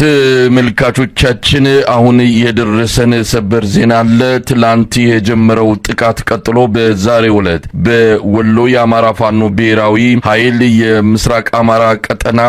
ተመልካቾቻችን አሁን የደረሰን ሰበር ዜና አለ። ትላንት የጀመረው ጥቃት ቀጥሎ በዛሬው ዕለት በወሎ የአማራ ፋኖ ብሔራዊ ኃይል የምስራቅ አማራ ቀጠና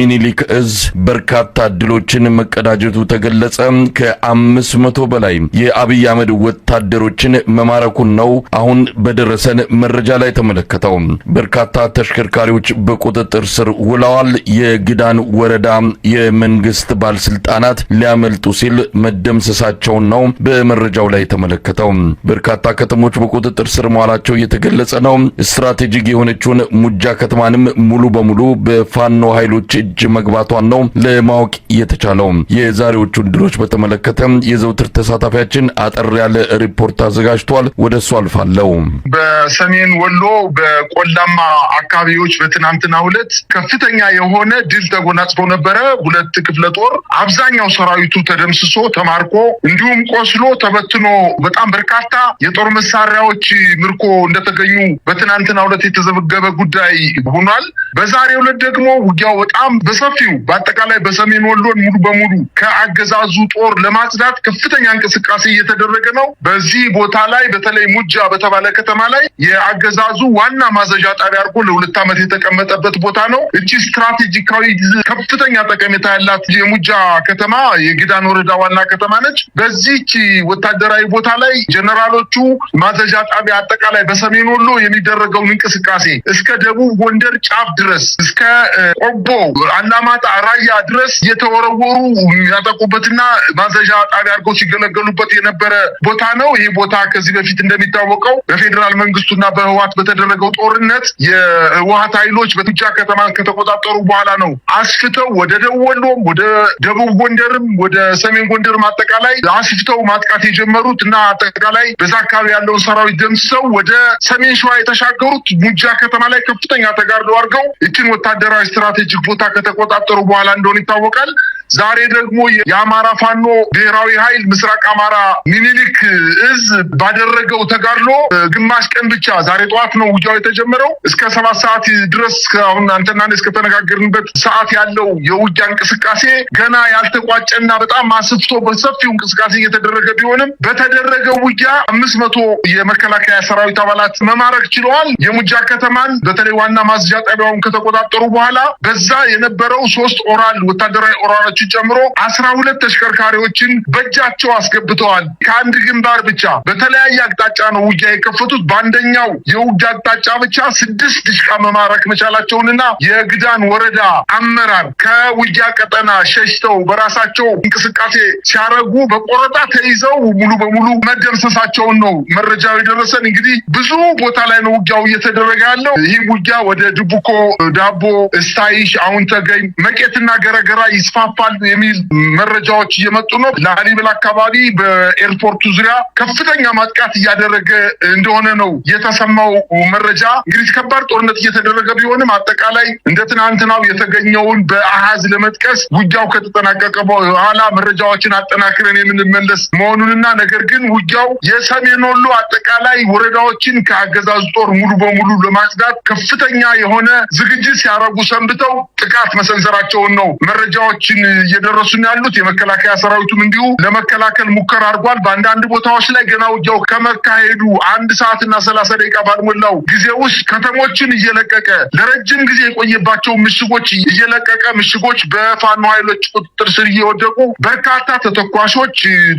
ሚኒሊክ እዝ በርካታ ድሎችን መቀዳጀቱ ተገለጸ። ከአምስት መቶ በላይ የአብይ አህመድ ወታደሮችን መማረኩን ነው አሁን በደረሰን መረጃ ላይ ተመለከተው። በርካታ ተሽከርካሪዎች በቁጥጥር ስር ውለዋል። የግዳን ወረዳ የመንግስት የመንግስት ባለስልጣናት ሊያመልጡ ሲል መደምሰሳቸውን ነው በመረጃው ላይ የተመለከተው። በርካታ ከተሞች በቁጥጥር ስር መዋላቸው እየተገለጸ ነው። ስትራቴጂክ የሆነችውን ሙጃ ከተማንም ሙሉ በሙሉ በፋኖ ኃይሎች እጅ መግባቷን ነው ለማወቅ የተቻለው። የዛሬዎቹን ድሎች በተመለከተ የዘውትር ተሳታፊያችን አጠር ያለ ሪፖርት አዘጋጅቷል። ወደ እሱ አልፋለሁ። በሰሜን ወሎ በቆላማ አካባቢዎች በትናንትናው ዕለት ከፍተኛ የሆነ ድል ተጎናጽፎ ነበረ። ሁለት ክፍለ ጦር አብዛኛው ሰራዊቱ ተደምስሶ ተማርኮ እንዲሁም ቆስሎ ተበትኖ በጣም በርካታ የጦር መሳሪያዎች ምርኮ እንደተገኙ በትናንትና ሁለት የተዘገበ ጉዳይ ሆኗል። በዛሬ ሁለት ደግሞ ውጊያው በጣም በሰፊው በአጠቃላይ በሰሜን ወሎን ሙሉ በሙሉ ከአገዛዙ ጦር ለማጽዳት ከፍተኛ እንቅስቃሴ እየተደረገ ነው። በዚህ ቦታ ላይ በተለይ ሙጃ በተባለ ከተማ ላይ የአገዛዙ ዋና ማዘዣ ጣቢያ አድርጎ ለሁለት ዓመት የተቀመጠበት ቦታ ነው። እቺ ስትራቴጂካዊ ከፍተኛ ጠቀሜታ ያላት የሙጃ ከተማ የጊዳን ወረዳ ዋና ከተማ ነች። በዚች ወታደራዊ ቦታ ላይ ጀነራሎቹ ማዘዣ ጣቢያ አጠቃላይ በሰሜን ወሎ የሚደረገውን እንቅስቃሴ እስከ ደቡብ ጎንደር ጫፍ ድረስ እስከ ቆቦ፣ አላማጣ፣ ራያ ድረስ እየተወረወሩ የሚያጠቁበትና ማዘዣ ጣቢያ አድርገው ሲገለገሉበት የነበረ ቦታ ነው። ይህ ቦታ ከዚህ በፊት እንደሚታወቀው በፌዴራል መንግስቱና በህወሓት በተደረገው ጦርነት የህወሓት ኃይሎች በሙጃ ከተማ ከተቆጣጠሩ በኋላ ነው አስፍተው ወደ ደቡብ ወሎም ወደ ደቡብ ጎንደርም ወደ ሰሜን ጎንደርም አጠቃላይ አስፍተው ማጥቃት የጀመሩት እና አጠቃላይ በዛ አካባቢ ያለውን ሰራዊት ደምስሰው ወደ ሰሜን ሸዋ የተሻገሩት ሙጃ ከተማ ላይ ከፍተኛ ተጋድሎ አድርገው እችን ወታደራዊ ስትራቴጂክ ቦታ ከተቆጣጠሩ በኋላ እንደሆነ ይታወቃል። ዛሬ ደግሞ የአማራ ፋኖ ብሔራዊ ኃይል ምስራቅ አማራ ሚኒሊክ እዝ ባደረገው ተጋድሎ ግማሽ ቀን ብቻ ዛሬ ጠዋት ነው ውጊያው የተጀመረው። እስከ ሰባት ሰዓት ድረስ አሁን አንተና እስከተነጋገርንበት ሰዓት ያለው የውጊያ እንቅስቃሴ ገና ያልተቋጨና በጣም አስፍቶ በሰፊው እንቅስቃሴ እየተደረገ ቢሆንም በተደረገው ውጊያ አምስት መቶ የመከላከያ ሰራዊት አባላት መማረክ ችለዋል። የሙጃ ከተማን በተለይ ዋና ማዝዣ ጣቢያውን ከተቆጣጠሩ በኋላ በዛ የነበረው ሶስት ኦራል ወታደራዊ ኦራሎች ተሽከርካሪዎችን ጨምሮ አስራ ሁለት ተሽከርካሪዎችን በእጃቸው አስገብተዋል። ከአንድ ግንባር ብቻ በተለያየ አቅጣጫ ነው ውጊያ የከፈቱት። በአንደኛው የውጊያ አቅጣጫ ብቻ ስድስት ድሽቃ መማረክ መቻላቸውንና የግዳን ወረዳ አመራር ከውጊያ ቀጠና ሸሽተው በራሳቸው እንቅስቃሴ ሲያደርጉ በቆረጣ ተይዘው ሙሉ በሙሉ መደምሰሳቸውን ነው መረጃው የደረሰን። እንግዲህ ብዙ ቦታ ላይ ነው ውጊያው እየተደረገ ያለው። ይህ ውጊያ ወደ ድቡኮ ዳቦ፣ እስታይሽ፣ አሁን ተገኝ፣ መቄትና ገረገራ ይስፋፋል ይሆናል የሚል መረጃዎች እየመጡ ነው። ላሊበላ አካባቢ በኤርፖርቱ ዙሪያ ከፍተኛ ማጥቃት እያደረገ እንደሆነ ነው የተሰማው መረጃ። እንግዲህ ከባድ ጦርነት እየተደረገ ቢሆንም አጠቃላይ እንደ ትናንትናው የተገኘውን በአሃዝ ለመጥቀስ ውጊያው ከተጠናቀቀ በኋላ መረጃዎችን አጠናክረን የምንመለስ መሆኑንና ነገር ግን ውጊያው የሰሜን ወሎ አጠቃላይ ወረዳዎችን ከአገዛዙ ጦር ሙሉ በሙሉ ለማጽዳት ከፍተኛ የሆነ ዝግጅት ሲያደርጉ ሰንብተው ጥቃት መሰንዘራቸውን ነው መረጃዎችን እየደረሱን ያሉት። የመከላከያ ሰራዊቱም እንዲሁ ለመከላከል ሙከራ አድርጓል። በአንዳንድ ቦታዎች ላይ ገና ውጊያው ከመካሄዱ አንድ ሰዓትና ሰላሳ ደቂቃ ባልሞላው ጊዜ ውስጥ ከተሞችን እየለቀቀ ለረጅም ጊዜ የቆየባቸው ምሽጎች እየለቀቀ ምሽጎች በፋኖ ኃይሎች ቁጥጥር ስር እየወደቁ በርካታ ተተኳሾች፣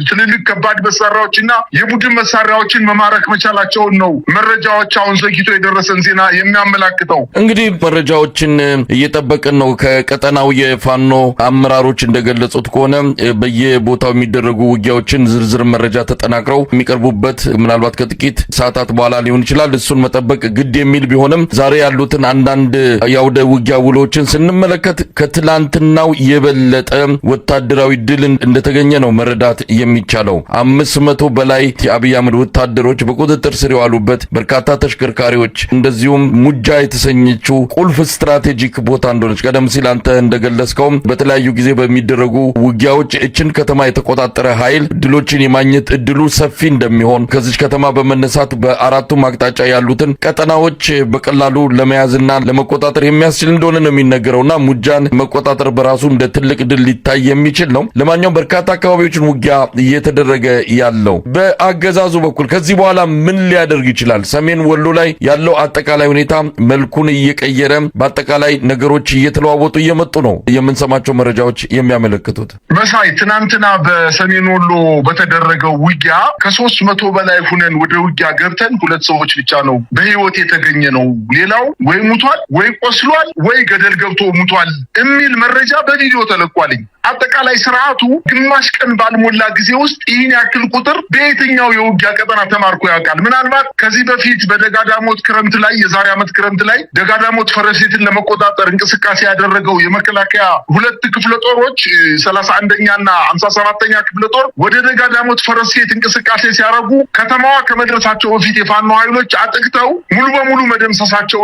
ትልልቅ ከባድ መሳሪያዎች እና የቡድን መሳሪያዎችን መማረክ መቻላቸውን ነው መረጃዎች አሁን ዘግይቶ የደረሰን ዜና የሚያመላክተው። እንግዲህ መረጃዎችን እየጠበቅን ነው ከቀጠናው የፋኖ አመራር አመራሮች እንደገለጹት ከሆነ በየቦታው የሚደረጉ ውጊያዎችን ዝርዝር መረጃ ተጠናቅረው የሚቀርቡበት ምናልባት ከጥቂት ሰዓታት በኋላ ሊሆን ይችላል። እሱን መጠበቅ ግድ የሚል ቢሆንም ዛሬ ያሉትን አንዳንድ የአውደ ውጊያ ውሎችን ስንመለከት ከትላንትናው የበለጠ ወታደራዊ ድል እንደተገኘ ነው መረዳት የሚቻለው። አምስት መቶ በላይ የአብይ አህመድ ወታደሮች በቁጥጥር ስር የዋሉበት በርካታ ተሽከርካሪዎች፣ እንደዚሁም ሙጃ የተሰኘችው ቁልፍ ስትራቴጂክ ቦታ እንደሆነች ቀደም ሲል አንተ እንደገለጽከውም በተለያዩ ጊዜ በሚደረጉ ውጊያዎች እችን ከተማ የተቆጣጠረ ኃይል ድሎችን የማግኘት እድሉ ሰፊ እንደሚሆን ከዚች ከተማ በመነሳት በአራቱም አቅጣጫ ያሉትን ቀጠናዎች በቀላሉ ለመያዝና ለመቆጣጠር የሚያስችል እንደሆነ ነው የሚነገረውና ሙጃን መቆጣጠር በራሱ እንደ ትልቅ ድል ሊታይ የሚችል ነው። ለማንኛውም በርካታ አካባቢዎችን ውጊያ እየተደረገ ያለው በአገዛዙ በኩል ከዚህ በኋላ ምን ሊያደርግ ይችላል? ሰሜን ወሎ ላይ ያለው አጠቃላይ ሁኔታ መልኩን እየቀየረ በአጠቃላይ ነገሮች እየተለዋወጡ እየመጡ ነው የምንሰማቸው መረጃዎች የሚያመለክቱት? መሳይ ትናንትና በሰሜን ወሎ በተደረገው ውጊያ ከሶስት መቶ በላይ ሁነን ወደ ውጊያ ገብተን ሁለት ሰዎች ብቻ ነው በህይወት የተገኘ ነው። ሌላው ወይ ሙቷል፣ ወይ ቆስሏል፣ ወይ ገደል ገብቶ ሙቷል የሚል መረጃ በቪዲዮ ተለቋልኝ። አጠቃላይ ስርዓቱ ግማሽ ቀን ባልሞላ ጊዜ ውስጥ ይህን ያክል ቁጥር በየትኛው የውጊያ ቀጠና ተማርኮ ያውቃል? ምናልባት ከዚህ በፊት በደጋዳሞት ክረምት ላይ የዛሬ ዓመት ክረምት ላይ ደጋዳሞት ፈረሴትን ለመቆጣጠር እንቅስቃሴ ያደረገው የመከላከያ ሁለት ክፍለ ጦር ጦሮች ሰላሳ አንደኛ እና ሀምሳ ሰባተኛ ክፍለ ጦር ወደ ደጋዳሞት ፈረሴት እንቅስቃሴ ሲያደርጉ ከተማዋ ከመድረሳቸው በፊት የፋኖ ኃይሎች አጥቅተው ሙሉ በሙሉ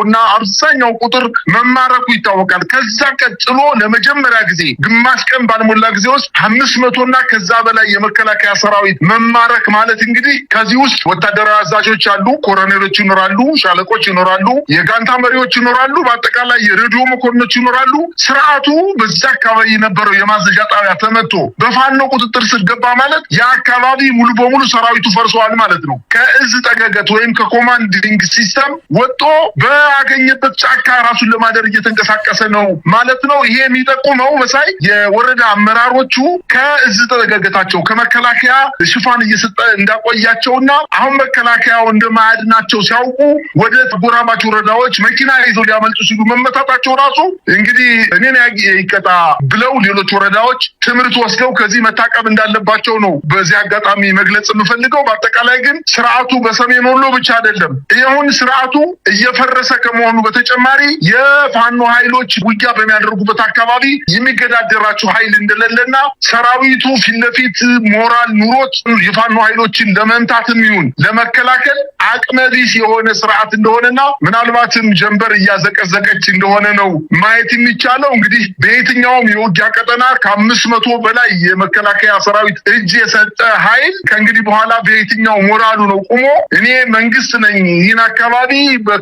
እና አብዛኛው ቁጥር መማረኩ ይታወቃል። ከዛ ቀጥሎ ለመጀመሪያ ጊዜ ግማሽ ቀን ባልሞላ ጊዜ ውስጥ አምስት መቶና ከዛ በላይ የመከላከያ ሰራዊት መማረክ ማለት እንግዲህ ከዚህ ውስጥ ወታደራዊ አዛዦች አሉ፣ ኮሎኔሎች ይኖራሉ፣ ሻለቆች ይኖራሉ፣ የጋንታ መሪዎች ይኖራሉ፣ በአጠቃላይ የሬዲዮ መኮንኖች ይኖራሉ። ስርዓቱ በዛ አካባቢ ነበር የነበረው የማዘዣ ጣቢያ ተመቶ በፋኖ ቁጥጥር ስር ገባ ማለት የአካባቢ ሙሉ በሙሉ ሰራዊቱ ፈርሰዋል ማለት ነው። ከእዝ ጠገገት ወይም ከኮማንዲንግ ሲስተም ወጦ በአገኘበት ጫካ ራሱን ለማደር እየተንቀሳቀሰ ነው ማለት ነው። ይሄ የሚጠቁመው መሳይ የወረዳ አመራሮቹ ከእዝ ጠገገታቸው ከመከላከያ ሽፋን እየሰጠ እንዳቆያቸውና አሁን መከላከያው እንደማያድናቸው ሲያውቁ ወደ ተጎራባች ወረዳዎች መኪና ይዘው ሊያመልጡ ሲሉ መመታታቸው ራሱ እንግዲህ እኔን ይቀጣ ብለው ሌሎች ወረዳዎች ትምህርት ወስደው ከዚህ መታቀብ እንዳለባቸው ነው በዚህ አጋጣሚ መግለጽ የምፈልገው። በአጠቃላይ ግን ስርዓቱ በሰሜን ወሎ ብቻ አይደለም። ይሁን ስርዓቱ እየፈረሰ ከመሆኑ በተጨማሪ የፋኖ ኃይሎች ውጊያ በሚያደርጉበት አካባቢ የሚገዳደራቸው ኃይል እንደሌለና ሰራዊቱ ፊትለፊት ሞራል ኑሮት የፋኖ ኃይሎችን ለመምታትም ይሁን ለመከላከል አቅመ የሆነ ስርዓት እንደሆነና ምናልባትም ጀንበር እያዘቀዘቀች እንደሆነ ነው ማየት የሚቻለው። እንግዲህ በየትኛውም የውጊያ ቀጠና ከአምስት መቶ በላይ የመከላከያ ሰራዊት እጅ የሰጠ ኃይል ከእንግዲህ በኋላ በየትኛው ሞራሉ ነው ቁሞ እኔ መንግስት ነኝ ይህን አካባቢ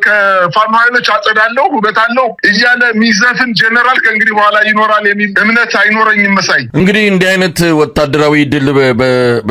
ከፋኖ ኃይሎች አጸዳለሁ ውበታለሁ እያለ ሚዘፍን ጀነራል ከእንግዲህ በኋላ ይኖራል የሚል እምነት አይኖረኝም። መሳይ እንግዲህ እንዲህ አይነት ወታደራዊ ድል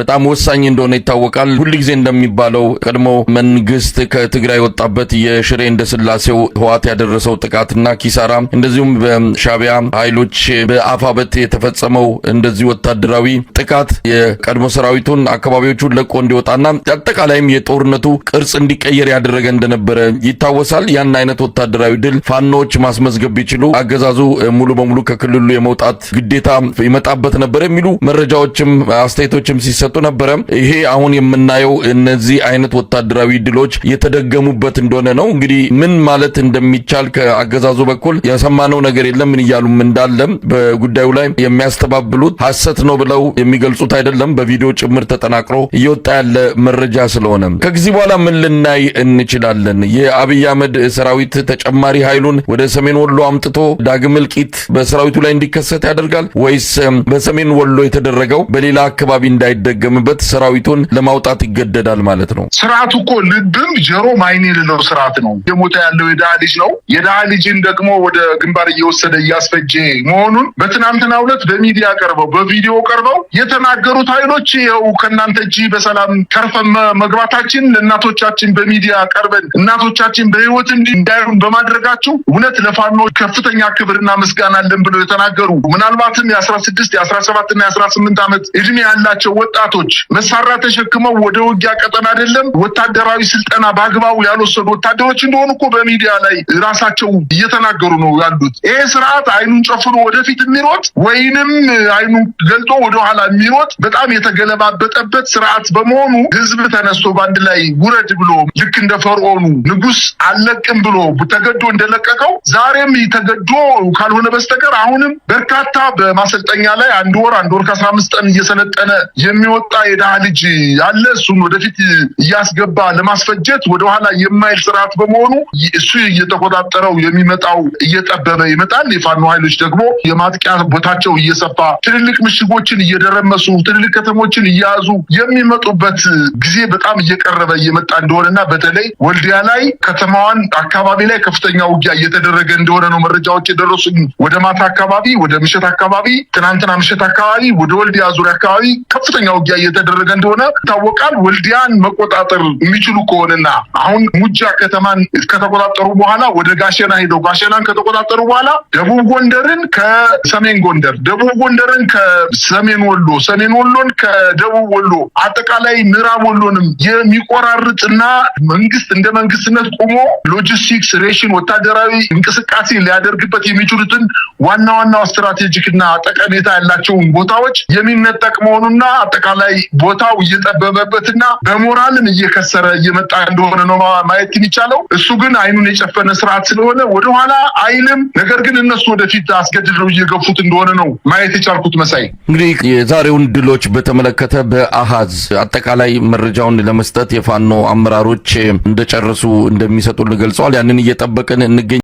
በጣም ወሳኝ እንደሆነ ይታወቃል። ጊዜ እንደሚባለው ቀድሞ መንግስት ከትግራይ ወጣበት የሽሬ እንደስላሴው ህዋት ያደረሰው ጥቃትና ኪሳራ እንደዚሁም በሻቢያ ኃይሎች በአፋ ዓመት የተፈጸመው እንደዚህ ወታደራዊ ጥቃት የቀድሞ ሰራዊቱን አካባቢዎቹን ለቆ እንዲወጣና አጠቃላይም የጦርነቱ ቅርጽ እንዲቀየር ያደረገ እንደነበረ ይታወሳል። ያን አይነት ወታደራዊ ድል ፋኖዎች ማስመዝገብ ቢችሉ አገዛዙ ሙሉ በሙሉ ከክልሉ የመውጣት ግዴታ ይመጣበት ነበር የሚሉ መረጃዎችም አስተያየቶችም ሲሰጡ ነበረ። ይሄ አሁን የምናየው እነዚህ አይነት ወታደራዊ ድሎች የተደገሙበት እንደሆነ ነው። እንግዲህ ምን ማለት እንደሚቻል ከአገዛዙ በኩል የሰማነው ነገር የለም። ምን እያሉም እንዳለም በጉዳዩ ጉዳዩ ላይ የሚያስተባብሉት ሐሰት ነው ብለው የሚገልጹት አይደለም፣ በቪዲዮ ጭምር ተጠናቅሮ እየወጣ ያለ መረጃ ስለሆነ ከጊዜ በኋላ ምን ልናይ እንችላለን? የአብይ አህመድ ሰራዊት ተጨማሪ ኃይሉን ወደ ሰሜን ወሎ አምጥቶ ዳግም እልቂት በሰራዊቱ ላይ እንዲከሰት ያደርጋል ወይስ በሰሜን ወሎ የተደረገው በሌላ አካባቢ እንዳይደገምበት ሰራዊቱን ለማውጣት ይገደዳል ማለት ነው? ስርዓቱ እኮ ልብም ጀሮ ማይን የሌለው ስርዓት ነው። የሞተ ያለው የድሃ ልጅ ነው። የድሃ ልጅን ደግሞ ወደ ግንባር እየወሰደ እያስፈጀ መሆኑን በትና በትናንትና ሁለት በሚዲያ ቀርበው በቪዲዮ ቀርበው የተናገሩት ኃይሎች ይኸው ከእናንተ እጅ በሰላም ተርፈን መግባታችን እናቶቻችን በሚዲያ ቀርበን እናቶቻችን በህይወት እንዳይሆን በማድረጋችሁ እውነት ለፋኖ ከፍተኛ ክብርና ምስጋና አለን ብለው የተናገሩ ምናልባትም የአስራ ስድስት የአስራ ሰባት እና የአስራ ስምንት ዓመት እድሜ ያላቸው ወጣቶች መሳሪያ ተሸክመው ወደ ውጊያ ቀጠና አይደለም ወታደራዊ ስልጠና በአግባቡ ያልወሰዱ ወታደሮች እንደሆኑ እኮ በሚዲያ ላይ ራሳቸው እየተናገሩ ነው ያሉት። ይሄ ስርዓት አይኑን ጨፍኖ ወደፊት የሚሮ የሚሮጥ ወይንም አይኑ ገልጦ ወደኋላ የሚሮጥ በጣም የተገለባበጠበት ስርዓት በመሆኑ ህዝብ ተነስቶ በአንድ ላይ ውረድ ብሎ ልክ እንደ ፈርዖኑ ንጉስ አለቅም ብሎ ተገዶ እንደለቀቀው ዛሬም ተገዶ ካልሆነ በስተቀር አሁንም በርካታ በማሰልጠኛ ላይ አንድ ወር አንድ ወር ከአስራ አምስት ቀን እየሰለጠነ የሚወጣ የድሃ ልጅ አለ። እሱን ወደፊት እያስገባ ለማስፈጀት ወደኋላ የማይል ስርዓት በመሆኑ እሱ እየተቆጣጠረው የሚመጣው እየጠበበ ይመጣል። የፋኖ ኃይሎች ደግሞ የማጥቂያ ቦታቸው እየሰፋ ትልልቅ ምሽጎችን እየደረመሱ ትልልቅ ከተሞችን እያያዙ የሚመጡበት ጊዜ በጣም እየቀረበ እየመጣ እንደሆነና በተለይ ወልዲያ ላይ ከተማዋን አካባቢ ላይ ከፍተኛ ውጊያ እየተደረገ እንደሆነ ነው መረጃዎች የደረሱኝ። ወደ ማታ አካባቢ፣ ወደ ምሽት አካባቢ፣ ትናንትና ምሽት አካባቢ ወደ ወልዲያ ዙሪያ አካባቢ ከፍተኛ ውጊያ እየተደረገ እንደሆነ ይታወቃል። ወልዲያን መቆጣጠር የሚችሉ ከሆነና አሁን ሙጃ ከተማን ከተቆጣጠሩ በኋላ ወደ ጋሸና ሄደው ጋሸናን ከተቆጣጠሩ በኋላ ደቡብ ጎንደርን ከሰሜን ሰሜን ጎንደር፣ ደቡብ ጎንደርን ከሰሜን ወሎ፣ ሰሜን ወሎን ከደቡብ ወሎ፣ አጠቃላይ ምዕራብ ወሎንም የሚቆራርጥና መንግስት እንደ መንግስትነት ቆሞ ሎጂስቲክስ፣ ሬሽን፣ ወታደራዊ እንቅስቃሴ ሊያደርግበት የሚችሉትን ዋና ዋና ስትራቴጂክና ጠቀሜታ ያላቸውን ቦታዎች የሚነጠቅ መሆኑና አጠቃላይ ቦታው እየጠበበበትና በሞራልም እየከሰረ እየመጣ እንደሆነ ነው ማየት የሚቻለው። እሱ ግን አይኑን የጨፈነ ስርዓት ስለሆነ ወደኋላ አይልም። ነገር ግን እነሱ ወደፊት አስገድደው እየገፉት እንደሆነ ነው ማየት የቻልኩት። መሳይ እንግዲህ የዛሬውን ድሎች በተመለከተ በአሃዝ አጠቃላይ መረጃውን ለመስጠት የፋኖ አመራሮች እንደጨረሱ እንደሚሰጡን ገልጸዋል። ያንን እየጠበቅን እንገኝ